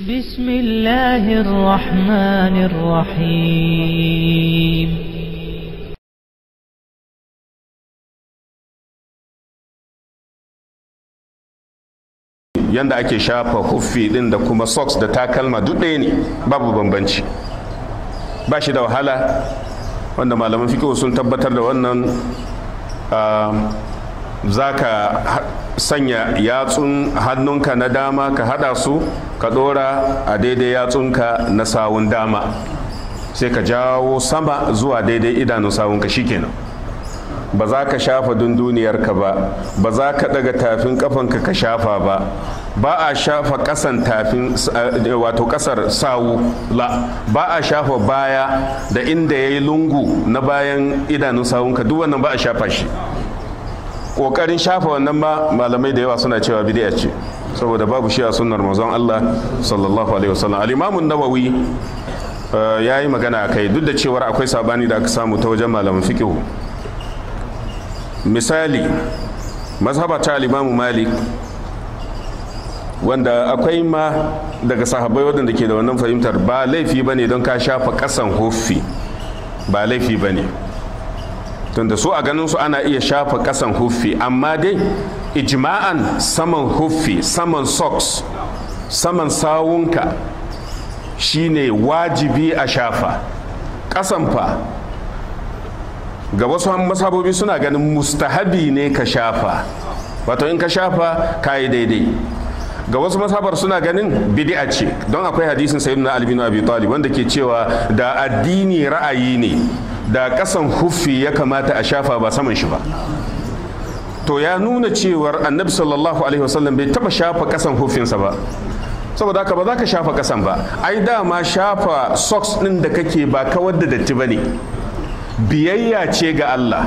بسم الله الرحمن الرحيم yanda ake shafa huffi din da kuma socks da takalma duk ɗaya ne babu bambanci ba shi da wahala wanda malaman fikihu sun tabbatar da wannan ah, za ka sanya yatsun hannunka na dama ka hada su ka dora a daidai yatsunka na sawun dama sai ka jawo sama zuwa daidai idanun sawunka shikenan ba za ka shafa dunduniyarka ba ba za ka daga tafin kafanka ka shafa ba ba a shafa kasan tafin eh, wato kasar sawu la ba a shafa baya da inda ya yi lungu na bayan idanun sawunka duk wannan ba a shafa shi kokarin shafa wannan ma malamai da yawa suna cewa bid'a ce saboda babu shi a sunnar manzon Allah sallallahu alaihi wasallam al-Imam an-Nawawi eh, yayi magana akai duk da cewa akwai sabani da aka samu ta wajen malaman fiqh misali mazhaba ta al Malik wanda akwai ma daga sahabbai waɗanda ke da wannan fahimtar ba laifi bane don ka shafa kasan hoffi ba laifi bane ne tunda su a ganin su ana iya shafa kasan huffi amma dai ijma'an saman huffi saman socks saman sawunka shine wajibi a shafa kasan fa ga wasu masabobi suna ganin mustahabi ne ka shafa wato in ka shafa ka yi daidai ga wasu masabar suna ganin bid'a ce don akwai hadisin sayyidina albino abi talib wanda ke cewa da addini ra'ayi ne da kasan huffi ya kamata a shafa ba saman shi ba to ya nuna cewar annabi sallallahu alaihi wasallam bai taba shafa kasan huffinsa ba saboda haka ba za ka shafa kasan ba ai dama shafa socks din da kake ba kawar da datti bane biyayya ce ga Allah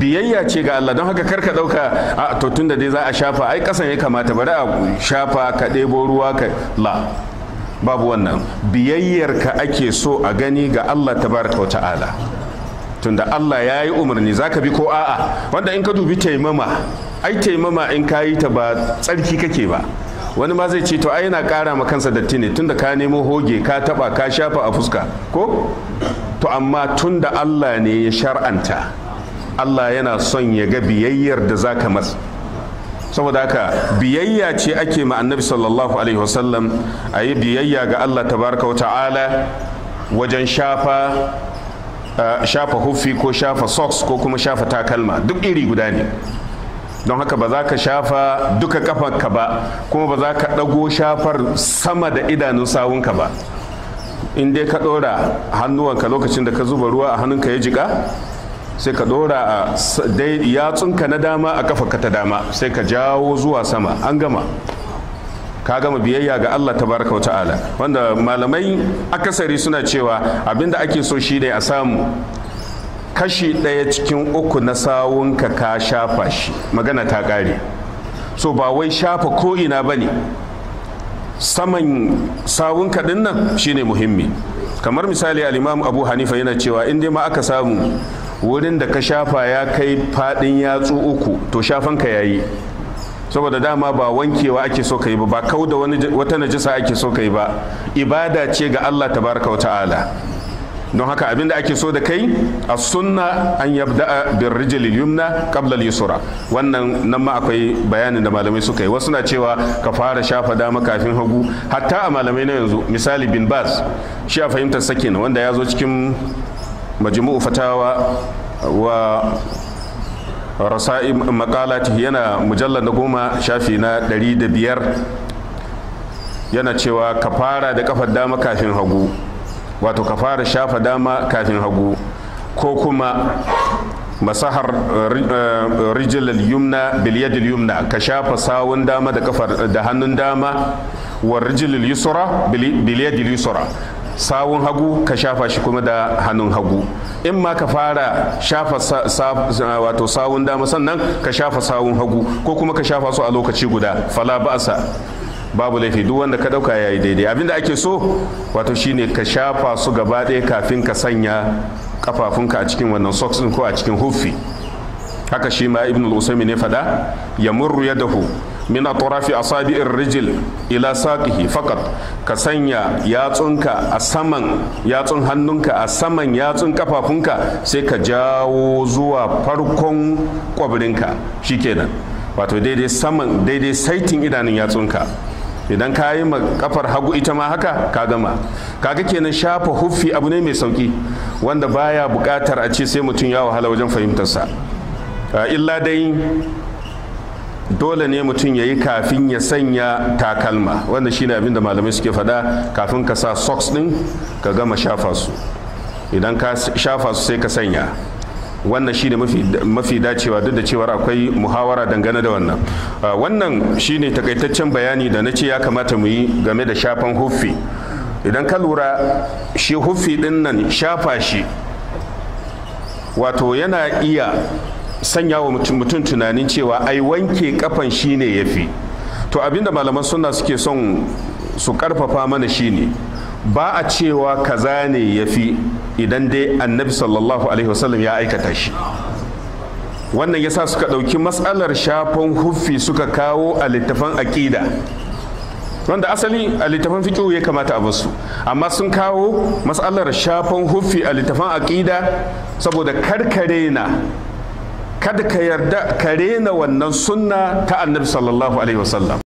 biyayya ce ga Allah don haka kar ka dauka a to tunda dai za a shafa ai kasan ya kamata bari a shafa ka ɗebo ruwa ka la babu wannan biyayyarka ake so a gani ga Allah tabaraka wa ta'ala tunda Allah ya yi umarni za ka bi ko a'a wanda in ka dubi taimama ai taimama in ka yi ta ba tsarki kake ba wani ma zai ce to ai yana kara ma kansa datti ne tunda ka nemo hoge ka taba ka shafa a fuska ko to amma tunda Allah ne ya shar'anta Allah yana son ya ga biyayyar da zaka masa saboda haka biyayya ce ake ma annabi sallallahu alaihi wasallam a yi biyayya ga allah tabaraka wa ta'ala wajen shafa shafa huffi ko shafa socks ko kuma shafa takalma duk iri guda ne don haka ba za ka shafa duka kafanka ba kuma ba za ka ɗago shafar sama da idanun sawunka ba in dai ka ɗora hannuwanka lokacin da ka zuba ruwa a hannunka ya jiƙa. sai ka dora a yatsunka na dama a kafa ka ta dama sai ka jawo zuwa sama an gama ka gama biyayya ga Allah ta wata ta'ala wanda malamai akasari suna cewa abinda ake so shi ne a samu kashi ɗaya cikin uku na sawunka ka shafa shi magana ta ƙare so ba wai shafa ko'ina ba ne saman sawunka ɗin nan shi ne muhimmi kamar misali al'imamu abu hanifa yana cewa in dai ma aka samu wurin da ka shafa ya kai fadin yatsu uku to shafan ka yayi saboda dama ba wankewa ake so ka yi ba ba kau da wata najisa ake so ka yi ba ibada ce ga allah tabaraka wa ta'ala don haka abin da ake so da kai a sunna an yabda bin rijil yumna qabla yusra wannan nan ma akwai bayanin da malamai suka yi wasu na cewa ka fara shafa dama kafin hagu hatta a malamai na yanzu misali bin bas shi a fahimtar sakin wanda ya zo cikin majmu'u fatawa wa rasa'i makalati yana mujallar na goma shafi na ɗari da biyar yana cewa ka fara da kafar dama kafin hagu wato ka fara shafa dama kafin hagu ko kuma masahar eh, rijilal yumna bilyadil yumna ka shafa sawun dama da kafar da hannun dama wa rijilal yusra bilyadil yusra sawun hagu ka shafa shi kuma da hannun hagu in ma ka fara shafa wato sawun dama sannan ka shafa sawun hagu ko kuma ka shafa su a lokaci guda fala ba'asa babu laifi duk wanda ka dauka yayi daidai abinda ake so wato shine ka shafa su gaba ɗaya kafin ka sanya kafafunka a cikin wannan socks ko a cikin huffi haka shi ma ibnu usaymin ne fada ya yadahu min atrafi asabi'ir rijil ila saqihi faqat ka sanya yatsunka a saman yatsun hannunka a saman yatsun kafafunka sai ka jawo zuwa farkon shi shikenan wato daidai saman daidai saitin idanun yatsunka idan ka yi kafar hagu ita ma haka ka gama kaga kenan shafa huffi abu ne mai sauki wanda baya bukatar a ce sai mutum ya wahala wajen fahimtarsa ah, illa dai dole ne mutum ya yi kafin ya sanya takalma wanda shi ne abinda malamai suke faɗa kafin ka sa socks din ka gama shafa su idan ka shafa su sai ka sanya wannan shi ne mafi dacewa duk da cewar akwai muhawara dangane da wannan ah, wannan shi ne takaitaccen bayani da na ce ya kamata mu yi game da shafan huffi idan ka lura shi huffi din nan shafa shi wato yana iya sanya wa mutum tunanin cewa ai wanke kafan shine yafi to abinda malaman suna suke son su karfafa mana shine ba a cewa kaza ne yafi idan dai annabi sallallahu alaihi wasallam ya aikata shi wannan yasa suka ɗauki matsalar shafan huffi suka kawo a littafan aƙida wanda asali a littafan fiƙihu ya kamata a basu amma sun kawo matsalar shafan huffi a littafan aƙida saboda karkare na kada ka yarda ka rena wannan sunna ta annabi sallallahu alaihi wasallam